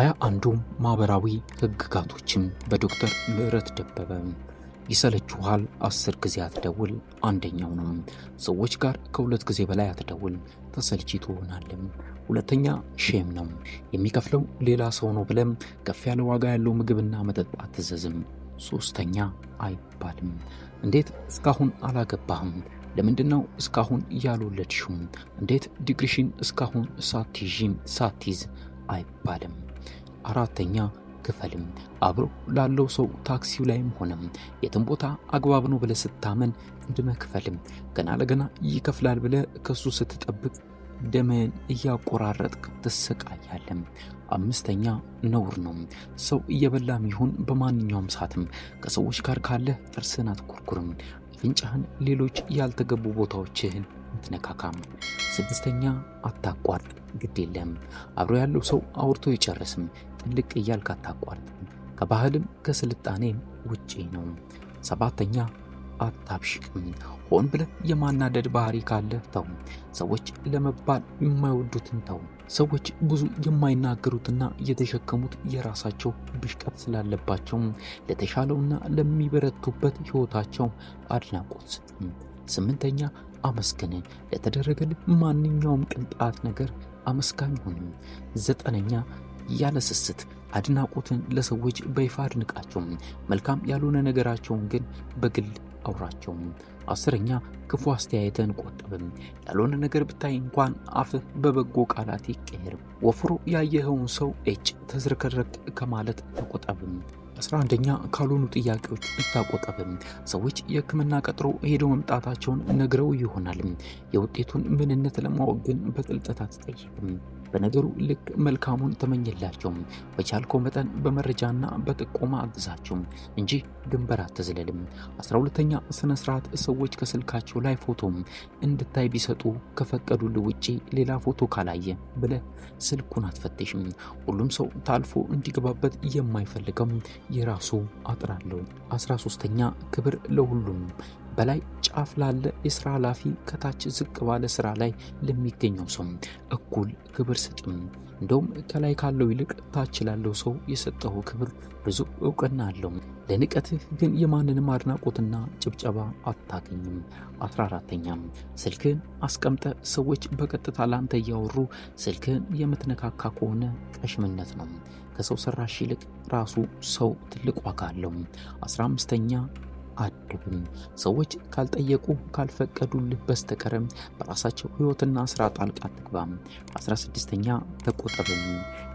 ሀያ አንዱ ማህበራዊ ህግጋቶችን በዶክተር ምህረት ደበበ። ይሰለችኋል፣ አስር ጊዜ አትደውል አንደኛው ነው። ሰዎች ጋር ከሁለት ጊዜ በላይ አትደውል፣ ተሰልቺ ትሆናለም። ሁለተኛ ሼም ነው፣ የሚከፍለው ሌላ ሰው ነው ብለም ከፍ ያለ ዋጋ ያለው ምግብና መጠጥ አትዘዝም። ሶስተኛ አይባልም፣ እንዴት እስካሁን አላገባህም? ለምንድነው እስካሁን ያልወለድሽም? እንዴት ዲግሪሽን እስካሁን ሳትይዥም ሳትይዝ አይባልም። አራተኛ ክፈልም አብሮ ላለው ሰው ታክሲው ላይም ሆነም የትም ቦታ አግባብ ነው ብለህ ስታመን ቅድመ ክፈልም ገና ለገና ይከፍላል ብለህ ከሱ ስትጠብቅ ደምህን እያቆራረጥክ ትሰቃያለም። አምስተኛ ነውር ነው። ሰው እየበላም ይሁን በማንኛውም ሰዓትም ከሰዎች ጋር ካለ ጥርስን አትኮርኩርም። አፍንጫህን ሌሎች ያልተገቡ ቦታዎችህን አትነካካም። ስድስተኛ አታቋርጥ፣ ግድ የለም አብሮ ያለው ሰው አውርቶ ይጨርስም ጥልቅ እያልክ አታቋርጥም። ከባህልም ከስልጣኔም ውጪ ነው። ሰባተኛ አታብሽቅም። ሆን ብለህ የማናደድ ባህሪ ካለ ተው። ሰዎች ለመባል የማይወዱትን ተው። ሰዎች ብዙ የማይናገሩትና የተሸከሙት የራሳቸው ብሽቀት ስላለባቸው ለተሻለውና ለሚበረቱበት ሕይወታቸው አድናቆት ስጥ። ስምንተኛ አመስግን። ለተደረገልህ ማንኛውም ቅንጣት ነገር አመስጋኝ ሁንም። ዘጠነኛ ያለስስት አድናቆትን ለሰዎች በይፋ አድንቃቸውም፣ መልካም ያልሆነ ነገራቸውን ግን በግል አውራቸውም። አስረኛ ክፉ አስተያየትን ቆጥብም። ያልሆነ ነገር ብታይ እንኳን አፍህ በበጎ ቃላት ይቀየርም። ወፍሮ ያየኸውን ሰው እጭ ተዝረከረክ ከማለት ተቆጠብም። አስራ አንደኛ ካልሆኑ ጥያቄዎች እታቆጠብም። ሰዎች የሕክምና ቀጥሮ ሄደው መምጣታቸውን ነግረው ይሆናል። የውጤቱን ምንነት ለማወቅ ግን በጥልቀት አትጠይቅም። በነገሩ ልክ መልካሙን ተመኘላቸው በቻልከው መጠን በመረጃና በጥቆማ አግዛቸው እንጂ ድንበር አትዝለልም። አስራ ሁለተኛ ስነ ስርዓት ሰዎች ከስልካቸው ላይ ፎቶ እንድታይ ቢሰጡ ከፈቀዱል ውጪ ሌላ ፎቶ ካላየ ብለ ስልኩን አትፈትሽም። ሁሉም ሰው ታልፎ እንዲገባበት የማይፈልገው የራሱ አጥራለሁ። አስራ ሶስተኛ ክብር ለሁሉም በላይ አፍ ላለ የስራ ኃላፊ ከታች ዝቅ ባለ ስራ ላይ ለሚገኘው ሰው እኩል ክብር ስጥም። እንደውም ከላይ ካለው ይልቅ ታች ላለው ሰው የሰጠው ክብር ብዙ እውቅና አለው። ለንቀትህ ግን የማንንም አድናቆትና ጭብጨባ አታገኝም። አራተኛም ስልክህን አስቀምጠ ሰዎች በቀጥታ ላንተ እያወሩ ስልክህን የምትነካካ ከሆነ ቀሽምነት ነው። ከሰው ሰራሽ ይልቅ ራሱ ሰው ትልቅ ዋጋ አለው። 15ተኛ አድብም። ሰዎች ካልጠየቁ ካልፈቀዱልህ በስተቀርም በራሳቸው ሕይወትና ስራ ጣልቃ ትግባም። 16 ስድስተኛ ተቆጠብም።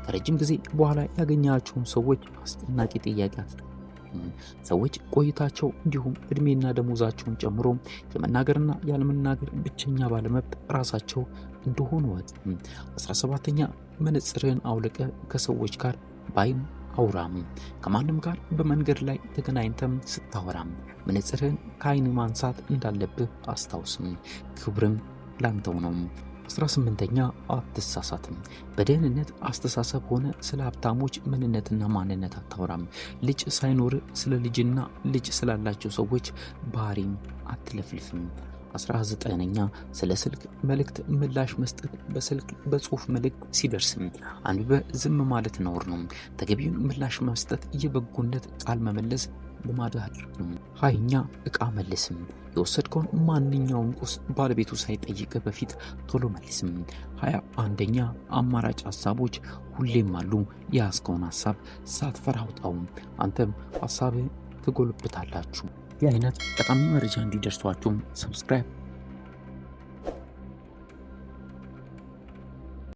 ከረጅም ጊዜ በኋላ ያገኛቸውን ሰዎች አስጨናቂ ጥያቄ ሰዎች ቆይታቸው እንዲሁም እድሜና ደሞዛቸውን ጨምሮ የመናገርና ያለመናገር ብቸኛ ባለመብት ራሳቸው እንደሆኑ ወጥ 17 ሰባተኛ መነጽርህን አውልቀ ከሰዎች ጋር ባይም አውራም ከማንም ጋር በመንገድ ላይ ተገናኝተም ስታወራም መነጽርህን ከአይን ማንሳት እንዳለብህ አስታውስም። ክብርም ላንተው ነው። ስምንተኛ አትሳሳትም። በደህንነት አስተሳሰብ ሆነ ስለ ሀብታሞች ምንነትና ማንነት አታውራም። ልጅ ሳይኖር ስለ ልጅና ልጅ ስላላቸው ሰዎች ባህሪም አትለፍልፍም። 19ኛ ስለ ስልክ መልእክት ምላሽ መስጠት በስልክ በጽሁፍ መልእክት ሲደርስም አንዱ ዝም ማለት ነውር ነው። ተገቢውን ምላሽ መስጠት የበጎነት ቃል መመለስ ልማድ አድርግ ነው። ሀይኛ እቃ መልስም የወሰድከውን ማንኛውም ቁስ ባለቤቱ ሳይጠይቀ በፊት ቶሎ መልስም። ሀያ አንደኛ አማራጭ ሀሳቦች ሁሌም አሉ። የያዝከውን ሀሳብ ሳትፈራ አውጣው። አንተም ሀሳብህ ትጎልብታላችሁ። ይህ አይነት ጠቃሚ መረጃ እንዲደርሷችሁም ሰብስክራይብ